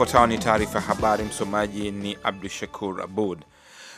Ifuatayo ni taarifa ya habari, msomaji ni Abdu Shakur Abud.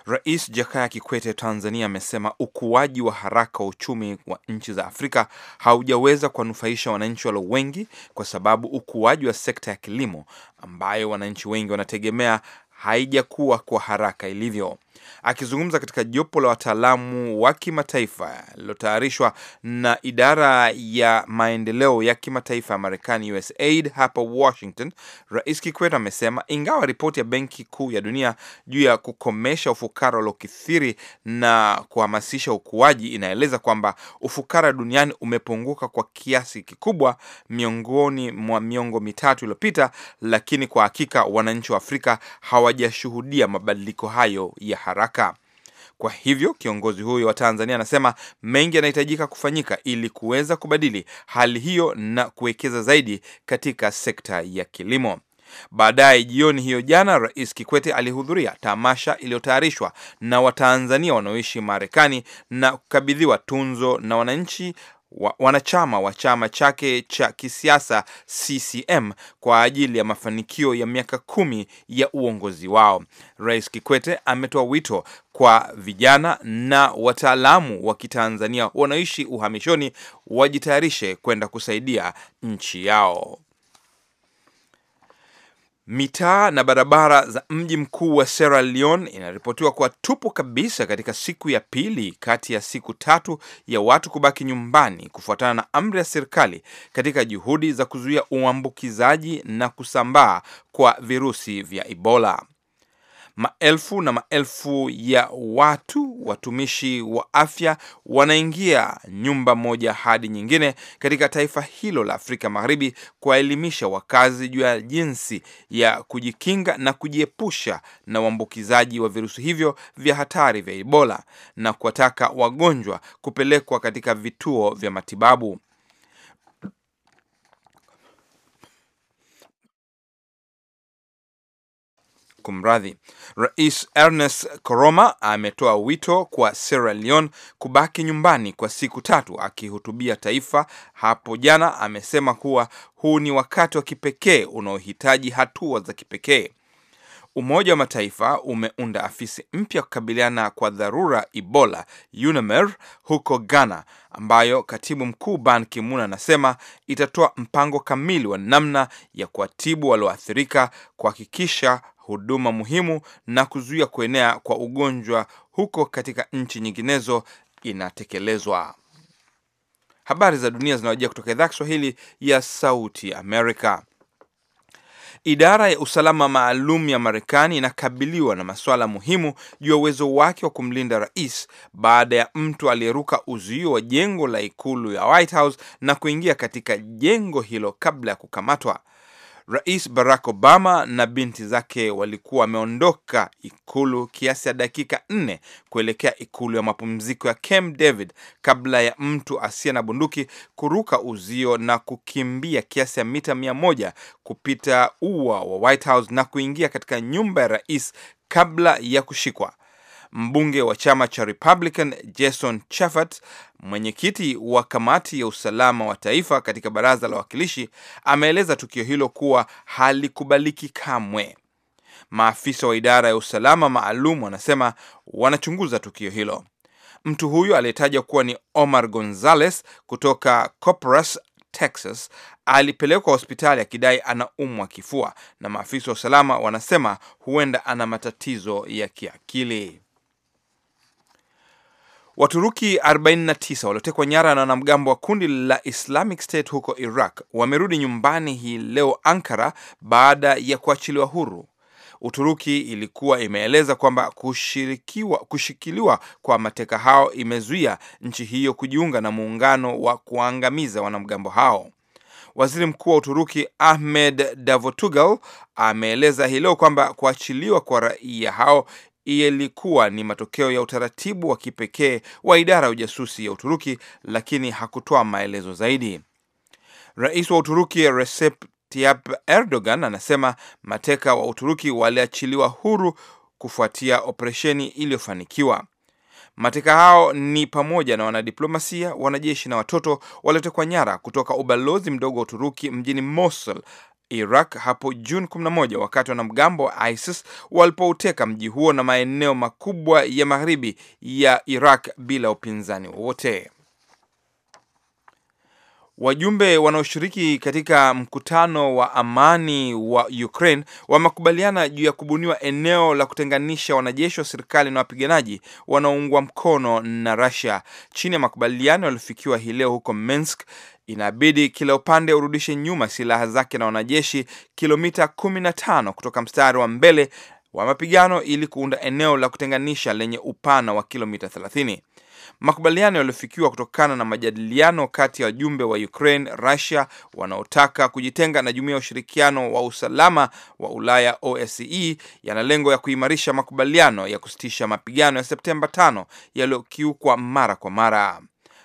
Rais Jakaya Kikwete Tanzania amesema ukuaji wa haraka wa uchumi wa nchi za Afrika haujaweza kuwanufaisha wananchi walio wengi kwa sababu ukuaji wa sekta ya kilimo ambayo wananchi wengi wanategemea haijakuwa kwa haraka ilivyo. Akizungumza katika jopo la wataalamu wa kimataifa lilotayarishwa na idara ya maendeleo ya kimataifa ya Marekani, USAID, hapa Washington, Rais Kikwete amesema ingawa ripoti ya Benki Kuu ya Dunia juu ya kukomesha ufukara uliokithiri na kuhamasisha ukuaji inaeleza kwamba ufukara duniani umepunguka kwa kiasi kikubwa miongoni mwa miongo mitatu iliyopita, lakini kwa hakika wananchi wa Afrika hawajashuhudia mabadiliko hayo ya haraka. Kwa hivyo kiongozi huyo wa Tanzania anasema mengi yanahitajika kufanyika ili kuweza kubadili hali hiyo na kuwekeza zaidi katika sekta ya kilimo. Baadaye jioni hiyo jana, Rais Kikwete alihudhuria tamasha iliyotayarishwa na Watanzania wanaoishi Marekani na kukabidhiwa tunzo na wananchi wa, wanachama wa chama chake cha kisiasa CCM kwa ajili ya mafanikio ya miaka kumi ya uongozi wao. Rais Kikwete ametoa wito kwa vijana na wataalamu wa Kitanzania wanaoishi uhamishoni wajitayarishe kwenda kusaidia nchi yao. Mitaa na barabara za mji mkuu wa Sierra Leone inaripotiwa kuwa tupu kabisa katika siku ya pili kati ya siku tatu ya watu kubaki nyumbani kufuatana na amri ya serikali katika juhudi za kuzuia uambukizaji na kusambaa kwa virusi vya Ebola. Maelfu na maelfu ya watu, watumishi wa afya, wanaingia nyumba moja hadi nyingine katika taifa hilo la Afrika Magharibi kuwaelimisha wakazi juu ya jinsi ya kujikinga na kujiepusha na uambukizaji wa virusi hivyo vya hatari vya Ebola na kuwataka wagonjwa kupelekwa katika vituo vya matibabu. Kumradhi, Rais Ernest Koroma ametoa wito kwa Sierra Leone kubaki nyumbani kwa siku tatu. Akihutubia taifa hapo jana, amesema kuwa huu ni wakati wa kipekee unaohitaji hatua za kipekee. Umoja wa Mataifa umeunda afisi mpya kukabiliana kwa dharura Ebola, UNAMER huko Ghana, ambayo katibu mkuu Ban Ki-moon anasema itatoa mpango kamili wa namna ya kuwatibu walioathirika, kuhakikisha huduma muhimu na kuzuia kuenea kwa ugonjwa huko katika nchi nyinginezo inatekelezwa. Habari za dunia zinawajia kutoka idhaa Kiswahili ya Sauti Amerika. Idara ya usalama maalum ya Marekani inakabiliwa na masuala muhimu juu ya uwezo wake wa kumlinda rais baada ya mtu aliyeruka uzuio wa jengo la ikulu ya White House na kuingia katika jengo hilo kabla ya kukamatwa. Rais Barack Obama na binti zake walikuwa wameondoka ikulu kiasi ya dakika nne kuelekea ikulu ya mapumziko ya Camp David kabla ya mtu asiye na bunduki kuruka uzio na kukimbia kiasi ya mita mia moja kupita ua wa White House na kuingia katika nyumba ya rais kabla ya kushikwa mbunge wa chama cha Republican Jason Chaffet, mwenyekiti wa kamati ya usalama wa taifa katika baraza la wawakilishi, ameeleza tukio hilo kuwa halikubaliki kamwe. Maafisa wa idara ya usalama maalum wanasema wanachunguza tukio hilo. Mtu huyo aliyetajwa kuwa ni Omar Gonzalez kutoka Corpus, Texas, alipelekwa hospitali akidai anaumwa kifua, na maafisa wa usalama wanasema huenda ana matatizo ya kiakili. Waturuki 49 waliotekwa nyara na wanamgambo wa kundi la Islamic State huko Iraq wamerudi nyumbani hii leo Ankara baada ya kuachiliwa huru. Uturuki ilikuwa imeeleza kwamba kushikiliwa kwa mateka hao imezuia nchi hiyo kujiunga na muungano wa kuangamiza wanamgambo hao. Waziri Mkuu wa Uturuki Ahmed Davutoglu ameeleza hii leo kwamba kuachiliwa kwa raia hao ilikuwa ni matokeo ya utaratibu wa kipekee wa idara ya ujasusi ya Uturuki, lakini hakutoa maelezo zaidi. Rais wa Uturuki Recep Tayyip Erdogan anasema mateka wa Uturuki waliachiliwa huru kufuatia operesheni iliyofanikiwa. Mateka hao ni pamoja na wanadiplomasia, wanajeshi na watoto waliotekwa nyara kutoka ubalozi mdogo wa Uturuki mjini Mosul Iraq hapo Juni 11 wakati wanamgambo wa ISIS walipouteka mji huo na maeneo makubwa ya magharibi ya Iraq bila upinzani wowote. Wajumbe wanaoshiriki katika mkutano wa amani wa Ukraine wamekubaliana juu ya kubuniwa eneo la kutenganisha wanajeshi wa serikali na wapiganaji wanaoungwa mkono na Russia chini ya makubaliano yaliyofikiwa hii leo huko Minsk inabidi kila upande urudishe nyuma silaha zake na wanajeshi kilomita 15 kutoka mstari wa mbele wa mapigano ili kuunda eneo la kutenganisha lenye upana wa kilomita 30. Makubaliano yaliyofikiwa kutokana na majadiliano kati ya wajumbe wa Ukraine, Russia wanaotaka kujitenga na Jumuiya ya Ushirikiano wa Usalama wa Ulaya OSCE yana lengo ya kuimarisha makubaliano ya kusitisha mapigano ya Septemba 5 yaliyokiukwa mara kwa mara.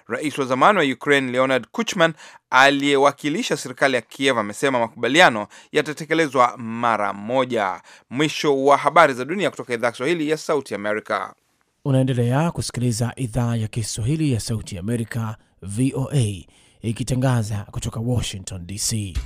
Rais wa zamani wa Ukraine Leonard Kuchman aliyewakilisha serikali ya Kiev amesema makubaliano yatatekelezwa mara moja. Mwisho wa habari za dunia kutoka idhaa ya Kiswahili ya Sauti Amerika. Unaendelea kusikiliza idhaa ya Kiswahili ya Sauti Amerika, VOA, ikitangaza kutoka Washington DC.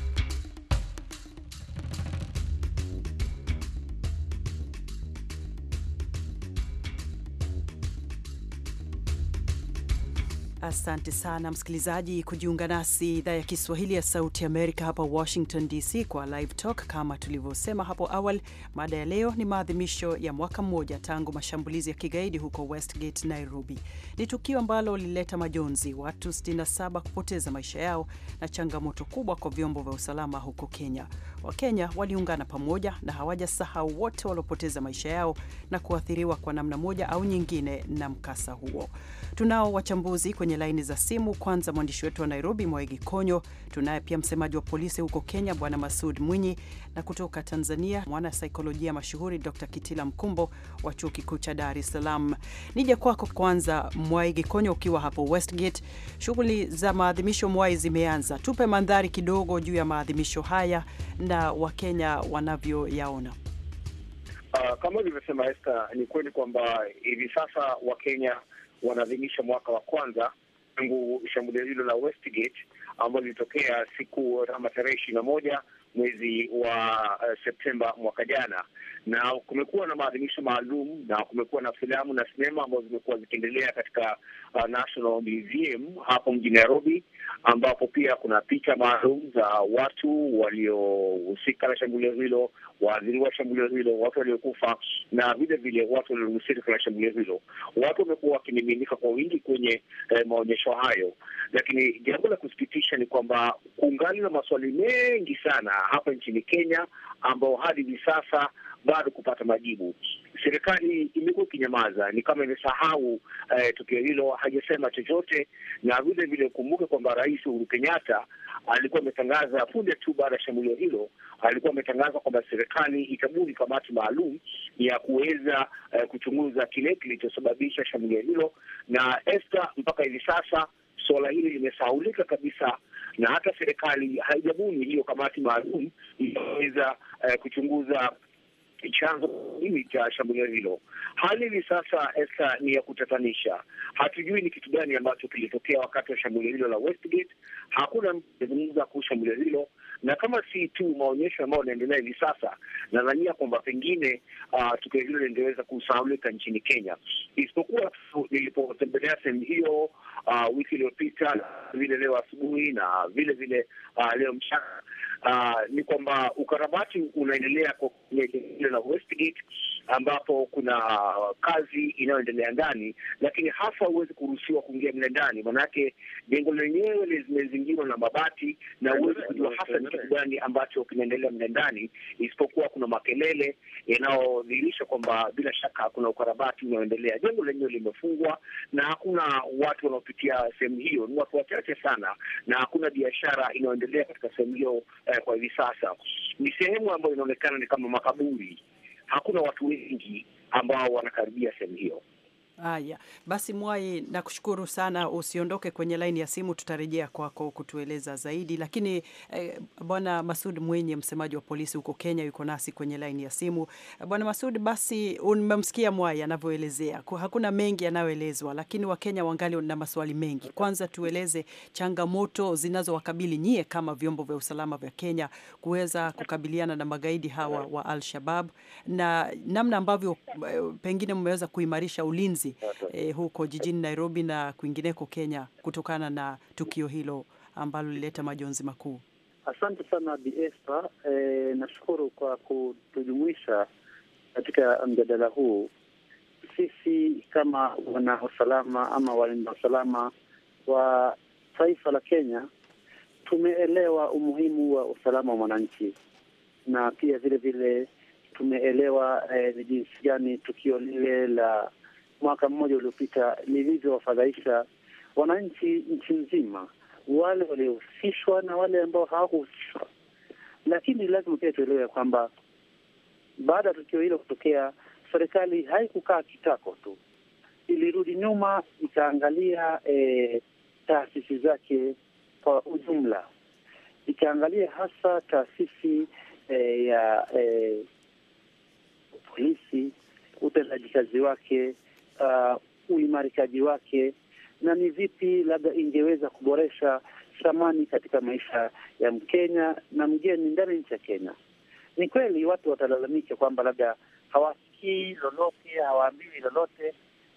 Asante sana msikilizaji kujiunga nasi idhaa ya Kiswahili ya Sauti Amerika hapa Washington DC kwa Live Talk. Kama tulivyosema hapo awali, mada ya leo ni maadhimisho ya mwaka mmoja tangu mashambulizi ya kigaidi huko Westgate, Nairobi. Ni tukio ambalo lilileta majonzi, watu 67 kupoteza maisha yao na changamoto kubwa kwa vyombo vya usalama huko Kenya. Wakenya waliungana pamoja na hawajasahau wote waliopoteza maisha yao na kuathiriwa kwa namna moja au nyingine na mkasa huo. Tunao wachambuzi kwenye laini za simu. Kwanza mwandishi wetu wa Nairobi, Mwaigi Konyo. Tunaye pia msemaji wa polisi huko Kenya, Bwana Masud Mwinyi, na kutoka Tanzania mwanasaikolojia mashuhuri Dr Kitila Mkumbo wa chuo kikuu cha Dar es Salaam. Nije kwako kwanza, Mwaigi Konyo, ukiwa hapo Westgate, shughuli za maadhimisho mwai zimeanza. Tupe mandhari kidogo juu ya maadhimisho haya namna Wakenya wanavyoyaona? Uh, kama ulivyosema est ni kweli kwamba hivi sasa Wakenya wanaadhimisha mwaka wa kwanza tangu shambulio hilo la Westgate ambalo lilitokea siku rama tarehe ishirini na moja mwezi wa uh, Septemba mwaka jana, na kumekuwa na maadhimisho maalum na kumekuwa na filamu na sinema ambazo zimekuwa zikiendelea katika uh, National Museum hapo mjini Nairobi, ambapo pia kuna picha maalum za watu waliohusika na shambulio hilo, waathiriwa wa shambulio hilo, watu waliokufa na vile vile watu waliohusika na shambulio hilo. Watu wamekuwa wakimiminika kwa wingi kwenye eh, maonyesho hayo, lakini jambo la kusikitisha ni kwamba kungali na maswali mengi sana hapa nchini Kenya ambao hadi hivi sasa bado kupata majibu. Serikali imekuwa ikinyamaza, ni kama imesahau eh, tukio hilo, hajasema chochote. Na vile vile kumbuke kwamba Rais Uhuru Kenyatta alikuwa ametangaza punde tu baada ya shambulio hilo, alikuwa ametangaza kwamba serikali itabuni kamati maalum ya kuweza eh, kuchunguza kile kilichosababisha shambulio hilo, na esta mpaka hivi sasa suala hili limesahulika kabisa na hata serikali haijabuni hiyo kamati maalum inaweza eh, kuchunguza chanzo mimi cha shambulio hilo. Hali hivi sasa esa ni ya kutatanisha. Hatujui ni kitu gani ambacho kilitokea wakati wa shambulio hilo la Westgate. Hakuna mtu amezungumza kuhusu shambulio hilo, na kama si tu maonyesho ambayo anaendelea hivi sasa, nadhania kwamba pengine uh, tukio hilo lingeweza kusahaulika nchini Kenya, isipokuwa tu nilipotembelea sehemu hiyo uh, wiki iliyopita vile leo asubuhi na vile vile uh, leo mchana uh, ni kwamba ukarabati unaendelea kwa eneo la Westgate ambapo kuna kazi inayoendelea ndani, lakini hasa huwezi kuruhusiwa kuingia mle ndani, maanake jengo lenyewe limezingirwa na mabati na huwezi kujua hasa ni kitu gani ambacho kinaendelea mle ndani, isipokuwa kuna makelele yanayodhihirisha kwamba bila shaka kuna ukarabati unaoendelea. Jengo lenyewe limefungwa na hakuna watu wanaopitia sehemu hiyo, ni watu wachache sana, na hakuna biashara inayoendelea katika sehemu hiyo eh, kwa hivi sasa ni sehemu ambayo inaonekana ni kama makaburi hakuna watu wengi ambao wanakaribia sehemu hiyo. Haya basi, Mwai, nakushukuru sana. Usiondoke kwenye laini ya simu, tutarejea kwako kutueleza zaidi. Lakini eh, bwana Masud Mwinyi, msemaji wa polisi huko Kenya, yuko nasi kwenye laini ya simu. Bwana Masud, basi umemsikia Mwai anavyoelezea, hakuna mengi yanayoelezwa, lakini Wakenya wangali na maswali mengi. Kwanza tueleze changamoto zinazowakabili nyie kama vyombo vya usalama vya Kenya kuweza kukabiliana na magaidi hawa wa Al Shabab na namna ambavyo eh, pengine mmeweza kuimarisha ulinzi uchaguzi e, huko jijini Nairobi na kwingineko Kenya kutokana na tukio hilo ambalo lilileta majonzi makuu. Asante sana Bi Esther, e, nashukuru kwa kutujumuisha katika mjadala huu. Sisi kama wana usalama ama walinda usalama wa taifa la Kenya tumeelewa umuhimu wa usalama wa mwananchi na pia vile vile tumeelewa eh, jinsi gani tukio lile la mwaka mmoja uliopita lilivyowafadhaisha wananchi nchi nzima, wale waliohusishwa na wale ambao hawakuhusishwa. Lakini lazima pia tuelewe kwamba baada ya tukio hilo kutokea, serikali haikukaa kitako tu, ilirudi nyuma ikaangalia e, taasisi zake kwa ujumla, ikaangalia hasa taasisi e, ya e, polisi, utendaji kazi wake uh, uimarishaji wake na ni vipi labda ingeweza kuboresha thamani katika maisha ya Mkenya na mgeni ndani nchi ya Kenya. Ni kweli watu watalalamika kwamba labda hawasikii lolote, hawaambiwi lolote,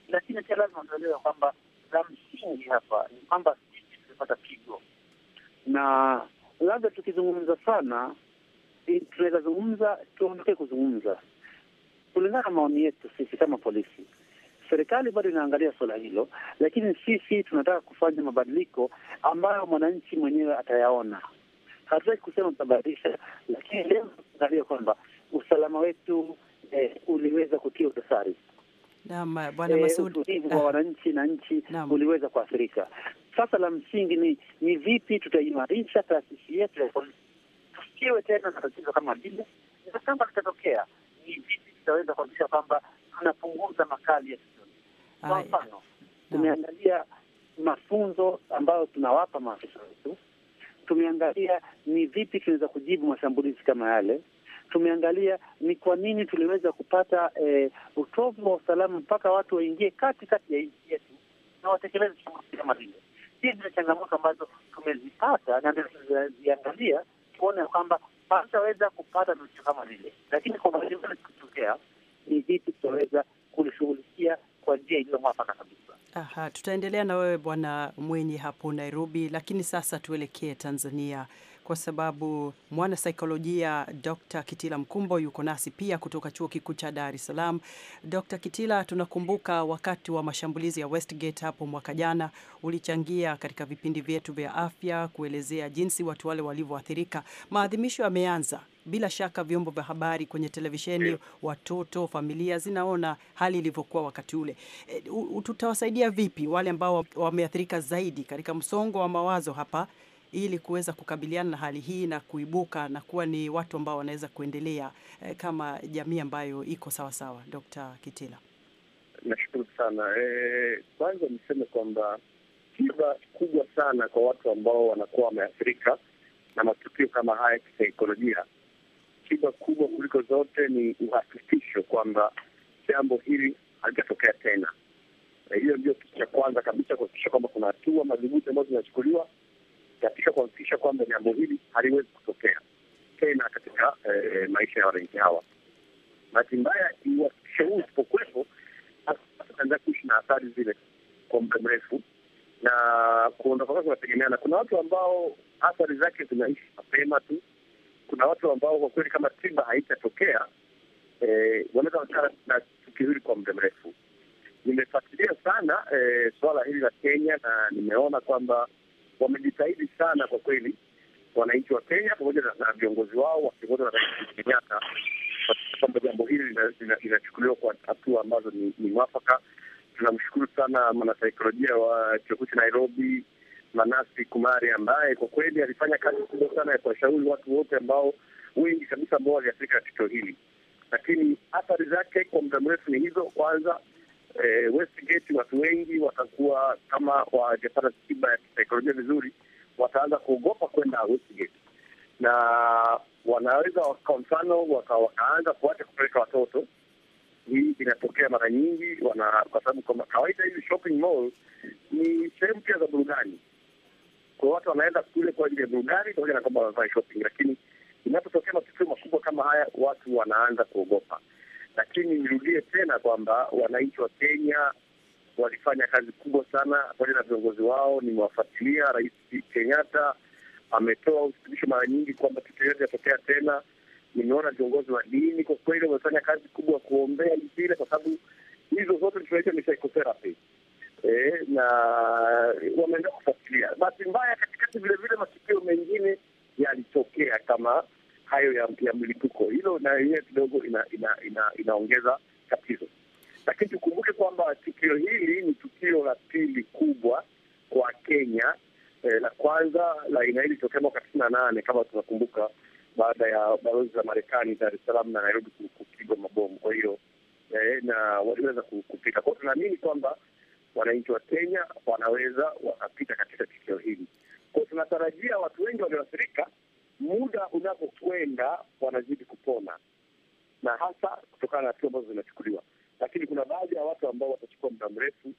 lakini pia lazima tuelewe kwamba la msingi hapa ni kwamba sisi tumepata pigo, na labda tukizungumza sana tunaweza zungumza, tuondokee kuzungumza kulingana na maoni yetu sisi kama polisi Serikali bado inaangalia suala hilo, lakini sisi tunataka kufanya mabadiliko ambayo mwananchi mwenyewe atayaona. Hatutaki kusema tutabadilisha, lakini leo tunaangalia kwamba usalama wetu eh, uliweza kutia dosari eh, utulivu wa ah. wananchi na nchi uliweza kuathirika. Sasa la msingi ni ni vipi tutaimarisha taasisi yetu ya polisi tusiwe tena na tatizo kama lile, na kama litatokea, ni vipi tutaweza kuhakikisha kwamba tunapunguza makali ya kwa mfano tumeangalia mafunzo ambayo tunawapa maafisa wetu, tumeangalia ni vipi tunaweza kujibu mashambulizi kama yale, tumeangalia ni kwa nini tuliweza kupata eh, utovu wa usalama mpaka watu waingie kati kati ya nchi yetu na watekeleze shambulizi kama lile. Hizi ni changamoto ambazo tumezipata na ndio tunaziangalia kuona kwamba hatutaweza kupata tatizo kama lile, lakini kwa mbalimbali kutokea, ni vipi tutaweza kulishughulikia kwa njia iliyo mwafaka kabisa. Aha, tutaendelea na wewe Bwana Mwenye hapo Nairobi, lakini sasa tuelekee Tanzania kwa sababu mwanasaikolojia Dr. Kitila Mkumbo yuko nasi pia kutoka Chuo Kikuu cha Dar es Salaam. Dr. Kitila, tunakumbuka wakati wa mashambulizi ya Westgate hapo mwaka jana ulichangia katika vipindi vyetu vya afya kuelezea jinsi watu wale walivyoathirika. Maadhimisho yameanza. Bila shaka vyombo vya habari kwenye televisheni, watoto, familia zinaona hali ilivyokuwa wakati ule. E, tutawasaidia vipi wale ambao wameathirika zaidi katika msongo wa mawazo hapa ili kuweza kukabiliana na hali hii na kuibuka na kuwa ni watu ambao wanaweza kuendelea eh, kama jamii ambayo iko sawasawa. Dr. Kitila, nashukuru sana. Eh, kwanza e, niseme kwamba tiba kubwa sana kwa watu ambao wanakuwa wameathirika na matukio kama haya kisaikolojia, tiba kubwa kuliko zote ni uhakikisho kwamba jambo hili halitatokea tena. Eh, hiyo ndio kitu cha kwanza kabisa, kuhakikisha kwamba kuna hatua madhubuti ambazo zinachukuliwa katika kuhakikisha kwamba jambo hili haliwezi kutokea tena katika eh, maisha ya wananchi hawa. Bahati mbaya, huu isipokuwepo, tutaendelea kuishi na athari zile kwa muda mrefu, na kuondoka kwake kunategemeana. Kuna watu ambao athari zake zinaishi mapema tu, kuna watu ambao kwa kweli kama tiba haitatokea eh, wanaweza wakaa na tukio hili kwa muda mrefu. Nimefuatilia sana eh, suala hili la Kenya na nimeona kwamba wamejitahidi sana kwa kweli, wananchi wa Kenya pamoja na viongozi wao wakiongozwa na Rais Kenyatta kwamba jambo hili linachukuliwa kwa hatua ambazo ni mwafaka. Tunamshukuru sana mwanasaikolojia wa chuo kikuu cha Nairobi Manasi Kumari ambaye kwa kweli alifanya kazi kubwa sana ya kuwashauri watu wote ambao wengi kabisa ambao waliathirika na tukio hili, lakini athari zake kwa muda mrefu ni hizo. Kwanza eh, Westgate watu wengi watakuwa kama wajapata tiba ya kisaikolojia vizuri, wataanza kuogopa kwenda Westgate na wanaweza kwa mfano waka, wakaanza kuacha kupeleka watoto. Hii inatokea mara nyingi wana, kwa sababu kwa kawaida hizi shopping mall ni sehemu pia za burudani, kwa watu wanaenda kule kwa ajili ya burudani pamoja na kwamba wanafanya shopping, lakini inapotokea matukio makubwa kama haya watu wanaanza kuogopa. Lakini nirudie tena kwamba wananchi wa Kenya walifanya kazi kubwa sana pamoja na viongozi wao. Nimewafuatilia. Rais Kenyatta ametoa uthibitisho mara nyingi kwamba kitu yote tena. Nimeona viongozi wa dini kwa kweli wamefanya kazi kubwa kuombea ile, kwa sababu hizo zote tunaita ni psychotherapy eh, na wameendea kufuatilia. Bahati mbaya, katikati vilevile matukio mengine yalitokea kama hayo ya, ya mlipuko. Hilo na yenyewe kidogo ina, ina, ina, inaongeza tatizo, lakini tukumbuke kwamba tukio hili ni tukio la pili kubwa kwa Kenya. Eh, la kwanza la aina hii ilitokea mwaka tisini na nane kama tunakumbuka, baada ya balozi za Marekani Dar es Salaam na Nairobi kupigwa mabomu. Kwa hiyo eh, na waliweza kupita kwao. Tunaamini kwamba wananchi wa Kenya wanaweza wakapita katika tukio hili kwao. Tunatarajia watu wengi walioathirika muda unapokwenda wanazidi kupona, na hasa kutokana na hatua ambazo zinachukuliwa, lakini kuna baadhi ya watu ambao watachukua muda mrefu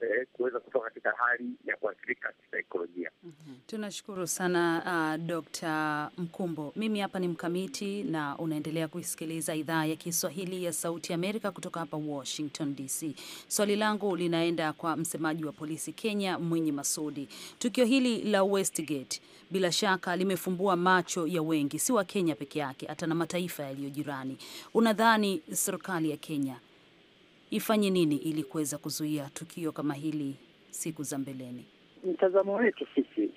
eh, kuweza kutoka katika hali ya kuathirika kisaikolojia. mm -hmm. Tunashukuru sana uh, ah, Dr. Mkumbo. Mimi hapa ni Mkamiti na unaendelea kuisikiliza idhaa ya Kiswahili ya Sauti Amerika kutoka hapa Washington DC. Swali langu linaenda kwa msemaji wa polisi Kenya, Mwinyi Masudi. Tukio hili la Westgate bila shaka limefumbua macho ya wengi, si wa Kenya peke yake, hata na mataifa yaliyo jirani. Unadhani serikali ya Kenya ifanye nini ili kuweza kuzuia tukio kama hili siku za mbeleni? Mtazamo wetu sisi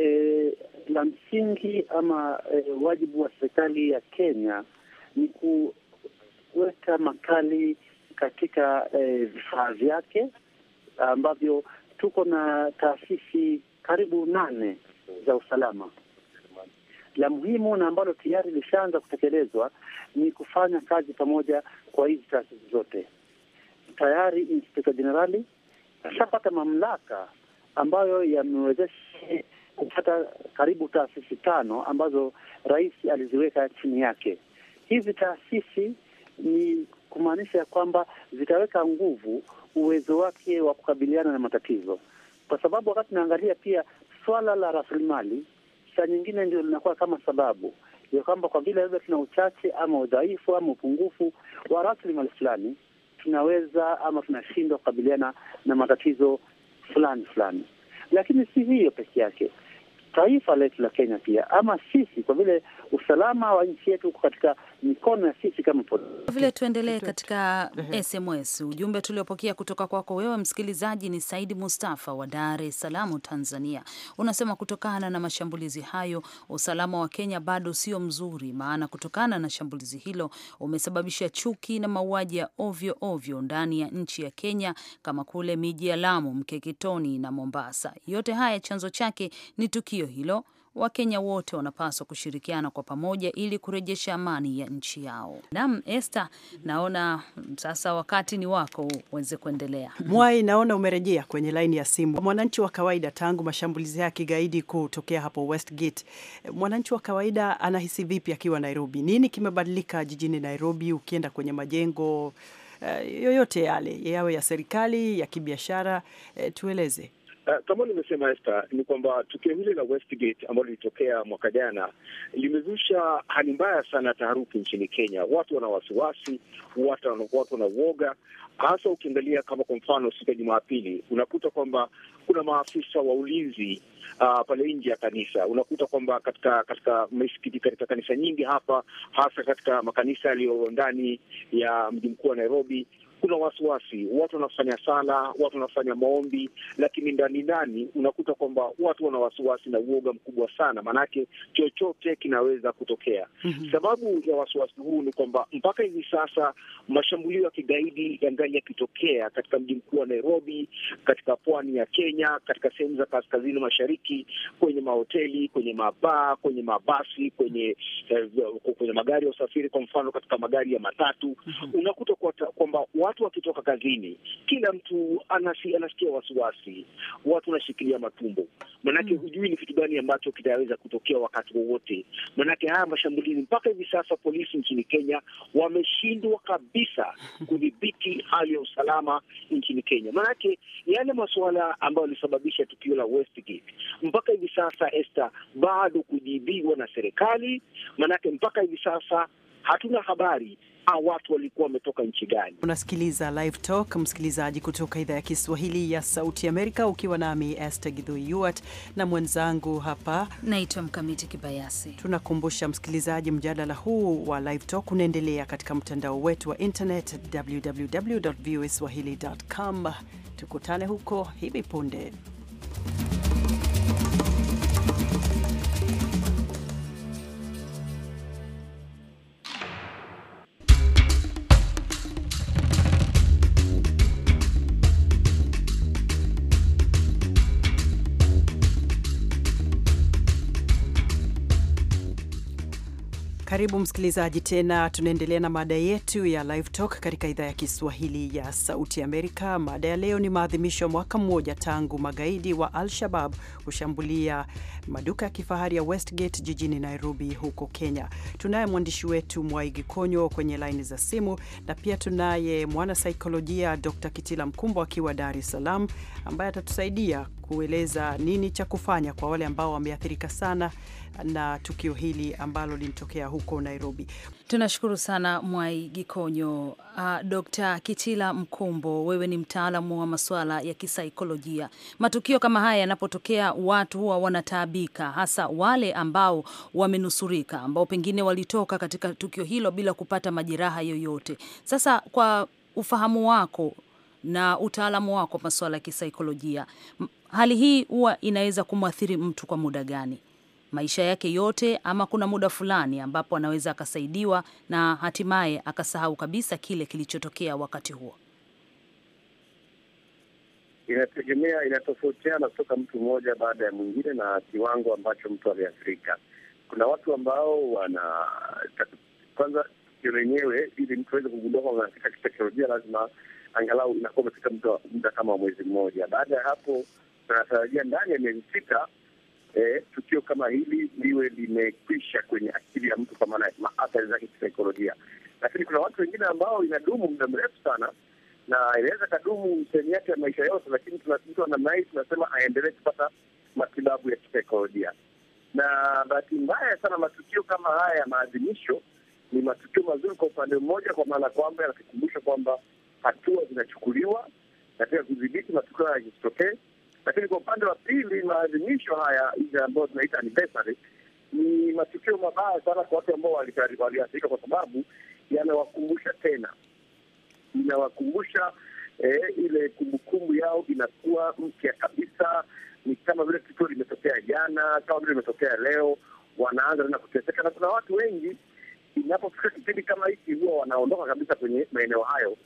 e, la msingi ama e, wajibu wa serikali ya Kenya ni kuweka makali katika e, vifaa vyake ambavyo tuko na taasisi karibu nane za usalama. La muhimu na ambalo tayari lishaanza kutekelezwa ni kufanya kazi pamoja kwa hizi taasisi zote tayari inspekta jenerali ashapata mamlaka ambayo yamewezesha kupata karibu taasisi tano ambazo rais aliziweka chini yake. Hizi taasisi ni kumaanisha ya kwamba zitaweka nguvu uwezo wake wa kukabiliana na matatizo, kwa sababu wakati tunaangalia pia swala la rasilimali, saa nyingine ndio linakuwa kama sababu ya kwamba kwa vile labda tuna uchache ama udhaifu ama upungufu wa rasilimali fulani, tunaweza ama tunashindwa kukabiliana na matatizo fulani fulani, lakini si hiyo peke yake taifa letu la Kenya pia ama sisi, kwa vile usalama wa nchi yetu uko katika mikono ya sisi kama polisi. Vile tuendelee katika SMS, ujumbe tuliopokea kutoka kwako wewe msikilizaji ni Saidi Mustafa wa Dar es Salaam, Tanzania. Unasema kutokana na mashambulizi hayo usalama wa Kenya bado sio mzuri, maana kutokana na shambulizi hilo umesababisha chuki na mauaji ya ovyo ovyo ndani ya nchi ya Kenya, kama kule miji ya Lamu, Mkeketoni na Mombasa. Yote haya chanzo chake ni tukio tukio hilo, Wakenya wote wanapaswa kushirikiana kwa pamoja ili kurejesha amani ya nchi yao. Naam, Esther, naona sasa wakati ni wako uweze kuendelea. Mwai, naona umerejea kwenye laini ya simu. Mwananchi wa kawaida, tangu mashambulizi ya kigaidi kutokea hapo Westgate, mwananchi wa kawaida anahisi vipi akiwa Nairobi? Nini kimebadilika jijini Nairobi? Ukienda kwenye majengo eh, yoyote yale, yawe ya serikali, ya kibiashara, eh, tueleze. Uh, kama nimesema Esther, ni kwamba tukio hili la Westgate ambalo lilitokea mwaka jana limezusha hali mbaya sana taharuki nchini Kenya. Watu wana wasiwasi, watu wana uoga, hasa ukiangalia kama kwa mfano siku ya Jumapili unakuta kwamba kuna maafisa wa ulinzi uh, pale nje ya kanisa. Unakuta kwamba katika katika misikiti, katika kanisa nyingi hapa, hasa katika makanisa yaliyo ndani ya mji mkuu wa Nairobi kuna wasiwasi, watu wanafanya sala, watu wanafanya maombi, lakini ndani ndani unakuta kwamba watu wana wasiwasi na uoga mkubwa sana, maanake chochote kinaweza kutokea. mm -hmm. Sababu ya wasiwasi huu ni kwamba mpaka hivi sasa mashambulio ya kigaidi yangali yakitokea katika mji mkuu wa Nairobi, katika pwani ya Kenya, katika sehemu za kaskazini mashariki, kwenye mahoteli, kwenye mabaa, kwenye mabasi, kwenye eh, kwenye magari ya usafiri, kwa mfano katika magari ya matatu. mm -hmm. Unakuta kwamba kwa watu wakitoka kazini, kila mtu anasi, anasikia wasiwasi, watu wanashikilia matumbo, manake mm. hujui ni kitu gani ambacho kitaweza kutokea wakati wowote. Manake haya mashambulizi, mpaka hivi sasa polisi nchini Kenya wameshindwa kabisa kudhibiti hali ya usalama nchini Kenya, manake yale masuala ambayo yalisababisha tukio la Westgate mpaka hivi sasa Esther, bado kujibiwa na serikali, manake mpaka hivi sasa hatuna habari au watu walikuwa wametoka nchi gani. Unasikiliza Live Talk, msikilizaji, kutoka idhaa ya Kiswahili ya Sauti Amerika, ukiwa nami Esther githui yuart na mwenzangu hapa naitwa Mkamiti Kibayasi. Tunakumbusha msikilizaji, mjadala huu wa Live Talk unaendelea katika mtandao wetu wa internet www.voaswahili.com. Tukutane huko hivi punde. Karibu msikilizaji tena, tunaendelea na mada yetu ya Live Talk katika idhaa ya Kiswahili ya Sauti Amerika. Mada ya leo ni maadhimisho ya mwaka mmoja tangu magaidi wa Al-Shabab kushambulia maduka ya kifahari ya Westgate jijini Nairobi huko Kenya. Tunaye mwandishi wetu Mwaigi Konyo kwenye laini za simu na pia tunaye mwanasaikolojia Dr. Kitila Mkumbo akiwa Dar es Salaam ambaye atatusaidia kueleza nini cha kufanya kwa wale ambao wameathirika sana na tukio hili ambalo lilitokea huko Nairobi. Tunashukuru sana Mwai Gikonyo. Uh, ah, Dr. Kitila Mkumbo, wewe ni mtaalamu wa masuala ya kisaikolojia. Matukio kama haya yanapotokea, watu huwa wanataabika, hasa wale ambao wamenusurika, ambao pengine walitoka katika tukio hilo bila kupata majeraha yoyote. Sasa kwa ufahamu wako na utaalamu wako masuala ya kisaikolojia, hali hii huwa inaweza kumwathiri mtu kwa muda gani? Maisha yake yote, ama kuna muda fulani ambapo anaweza akasaidiwa na hatimaye akasahau kabisa kile kilichotokea wakati huo? Inategemea, inatofautiana kutoka mtu mmoja baada ya mwingine na kiwango ambacho mtu aliathirika. Kuna watu ambao wana kwanza, tukio lenyewe, ili mtu aweze kugundua kwamba anafika kiteknolojia, lazima angalau inakuwa amefika muda kama mwezi mmoja. Baada ya hapo tunatarajia ndani ya miezi sita eh, tukio kama hili liwe limekwisha kwenye akili ya mtu, kwa maana athari zake kisaikolojia. Lakini kuna watu wengine ambao inadumu muda mrefu sana na inaweza kadumu sehemu yake ya maisha yote, lakini wa namna hii, tunasema aendelee kupata matibabu ya kisaikolojia. Na bahati mbaya sana matukio kama haya ya maadhimisho ni matukio mazuri kwa upande mmoja, kwa maana kwamba yanatukumbusha kwamba hatua zinachukuliwa katika kudhibiti matukio haya yasitokee lakini kwa upande wa pili, maadhimisho haya ile ambayo tunaita anniversary ni matukio mabaya sana kwa watu ambao waliathirika, kwa sababu yanawakumbusha tena, inawakumbusha eh, ile kumbukumbu yao inakuwa mpya kabisa. Ni kama vile tukio limetokea jana, kama vile limetokea leo, wanaanza tena kuteseka, na kuna watu wengi inapofika kipindi kama hiki huwa wanaondoka kabisa kwenye maeneo hayo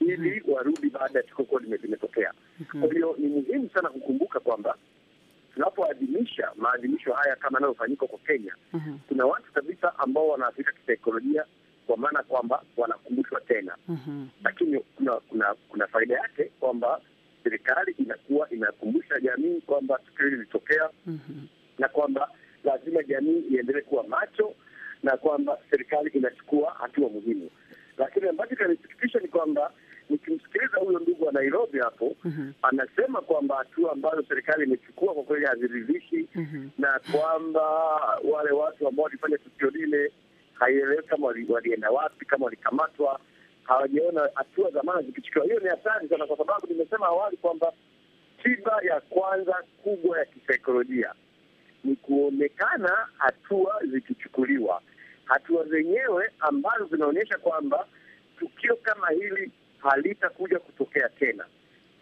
ili mhm. warudi baada ya tukio limetokea. Mhm. Kwa hiyo ni muhimu sana kukumbuka kwamba tunapoadhimisha maadhimisho haya kama yanayofanyika kwa Kenya, mhm. kuna watu kabisa ambao wanaathirika kisaikolojia kwa maana kwamba wanakumbushwa tena. Lakini kuna kuna kuna faida yake kwamba serikali inakuwa inakumbusha jamii kwamba tukio hili lilitokea na kwamba lazima jamii iendelee kuwa macho na kwamba serikali inachukua hatua muhimu. Lakini ambacho kinanisikitisha ni kwamba huyo ndugu wa Nairobi hapo mm -hmm. anasema kwamba hatua ambazo serikali imechukua kwa kweli haziridhishi mm -hmm. na kwamba wale watu ambao walifanya tukio lile haieleweki kama walienda wapi, kama walikamatwa, hawajaona hatua za maana zikichukuliwa. Hiyo ni hatari sana, kwa sababu nimesema awali kwamba tiba ya kwanza kubwa ya kisaikolojia ni kuonekana hatua zikichukuliwa, hatua zenyewe ambazo zinaonyesha kwamba tukio kama hili halitakuja kutokea tena.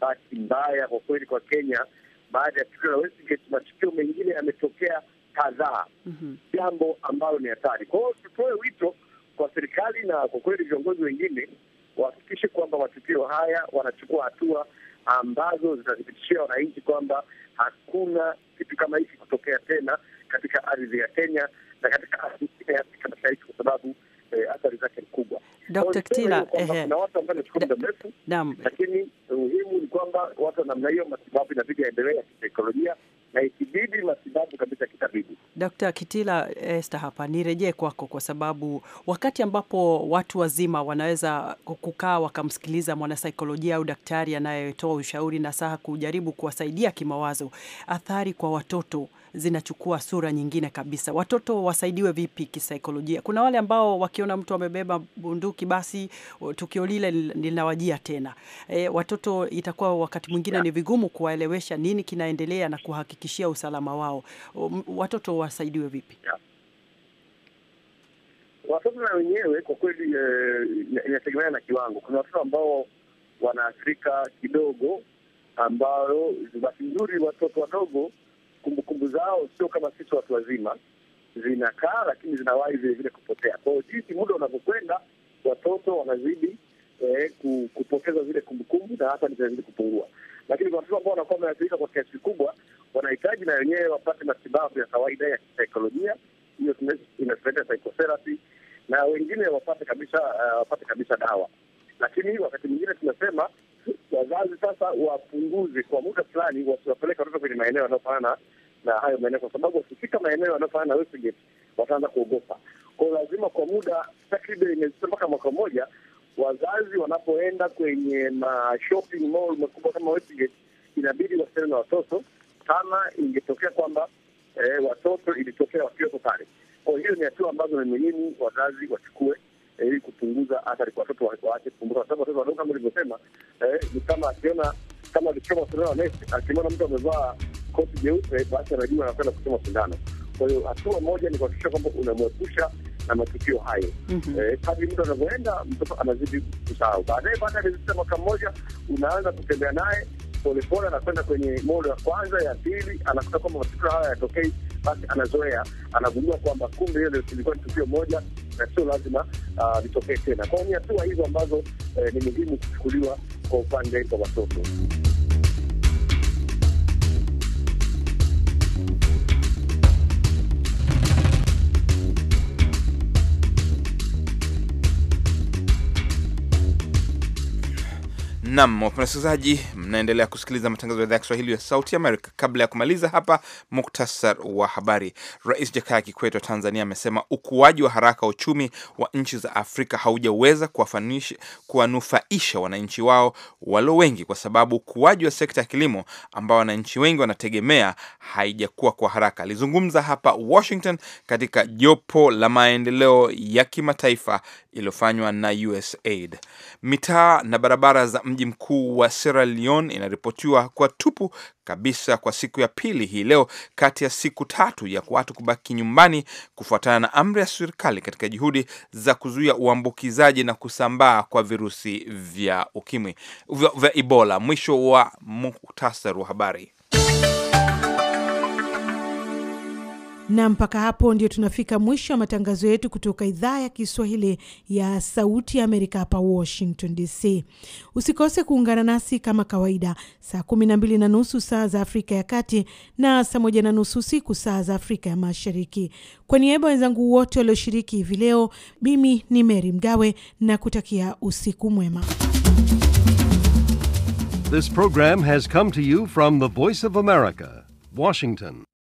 Basi mbaya kwa kweli kwa Kenya, baada ya tukio la Westgate matukio mengine yametokea kadhaa, mhm. jambo mm -hmm. ambalo ni hatari. Kwa hiyo tutoe wito kwa serikali na kwa kweli viongozi wengine wahakikishe kwamba matukio haya wanachukua hatua ambazo zitathibitishia wananchi kwamba hakuna kitu kama hiki kutokea tena katika ardhi ya Kenya na katika ardhi ya Afrika Mashariki kwa sababu Eh, athari zake ni kubwa. Dr. kuna watu ambao inachukua muda mrefu, lakini muhimu ni kwamba watu namna hiyo matibabu inabidi yaendelee ya kisaikolojia na ikibidi matibabu kabisa kitabibu. Dr. Kitila Esther, hapa nirejee kwako, kwa sababu wakati ambapo watu wazima wanaweza kukaa wakamsikiliza mwanasaikolojia au daktari anayetoa ushauri na saha kujaribu kuwasaidia kimawazo, athari kwa watoto zinachukua sura nyingine kabisa. Watoto wasaidiwe vipi kisaikolojia? Kuna wale ambao wakiona mtu amebeba bunduki, basi tukio lile linawajia tena. E, watoto itakuwa wakati mwingine ni vigumu kuwaelewesha nini kinaendelea na kuhakikishia usalama wao. Watoto wasaidiwe vipi? Watoto na wenyewe kwa kweli e, inategemeana na kiwango. Kuna watoto ambao wanaathirika kidogo, ambayo bahati nzuri watoto wadogo kumbukumbu zao sio kama sisi watu wazima, zinakaa lakini zinawahi vilevile kupotea. kwao jinsi muda unavyokwenda, watoto wanazidi eh, kupoteza zile kumbukumbu na hata zinazidi kupungua. Lakini kwa watoto ambao wanakuwa wameathirika kwa kiasi kikubwa, wanahitaji na wenyewe wapate matibabu ya kawaida ya kisaikolojia, hiyo inaitwa psychotherapy, na wengine wapate kabisa, uh, wapate kabisa dawa. Lakini wakati mwingine tunasema wazazi sasa wapunguze kwa muda fulani, wasiwapeleka watoto kwenye maeneo yanayofanana na hayo maeneo, kwa sababu wakifika maeneo yanayofanana na Westgate wataanza kuogopa. Kwao lazima kwa muda takriban imezita mpaka mwaka mmoja, wazazi wanapoenda kwenye mashopping mall makubwa kama Westgate inabidi wasiane na watoto kama ingetokea kwamba eh, watoto ilitokea wakiwepo pale. Kwa hiyo ni hatua ambazo ni muhimu wazazi wachukue ili kupunguza athari kwa watoto waache kupunguza kwa sababu watoto wadogo kama ulivyosema, eh, ni kama akiona kama alichoma sindano ya nesi, akimwona mtu amevaa koti jeupe, basi anajua anakwenda kuchoma sindano. Kwa hiyo hatua moja ni kuhakikisha kwamba unamwepusha na matukio hayo. Mhm. Eh, kadri mtu anavyoenda, mtoto anazidi kusahau. Baadaye, baada ya miezi mwaka mmoja, unaanza kutembea naye polepole, anakwenda kwenye modo ya kwanza, ya pili, anakuta kwamba matukio haya yatokei basi anazoea, anagundua kwamba kumbe hiyo ilikuwa ni tukio moja na sio lazima ah, litokee tena. Kwao ni hatua hizo ambazo eh, ni muhimu kuchukuliwa kwa upande wa watoto. Nam, wapenda wasikilizaji, mnaendelea kusikiliza matangazo ya idhaa ya Kiswahili ya Sauti Amerika. Kabla ya kumaliza hapa, muktasar wa habari. Rais Jakaya Kikwete wa Tanzania amesema ukuaji wa haraka wa uchumi wa nchi za Afrika haujaweza kuwanufaisha wananchi wao walio wengi, kwa sababu ukuaji wa sekta ya kilimo ambao wananchi wengi wanategemea haijakuwa kwa haraka. Alizungumza hapa Washington katika jopo la maendeleo ya kimataifa iliyofanywa na USAID. Mitaa na barabara za mji mkuu wa Sierra Leone inaripotiwa kuwa tupu kabisa kwa siku ya pili hii leo kati ya siku tatu ya watu kubaki nyumbani kufuatana na amri ya serikali katika juhudi za kuzuia uambukizaji na kusambaa kwa virusi vya ukimwi vya Ebola. Mwisho wa muktasari wa habari. na mpaka hapo ndio tunafika mwisho wa matangazo yetu kutoka idhaa ya Kiswahili ya Sauti ya Amerika hapa Washington DC. Usikose kuungana nasi kama kawaida saa kumi na mbili na nusu saa za Afrika ya Kati na saa moja na nusu usiku saa za Afrika ya Mashariki. Kwa niaba wenzangu wote walioshiriki hivi leo, mimi ni mery Mgawe na kutakia usiku mwema. This program has come to you from the Voice of America, Washington.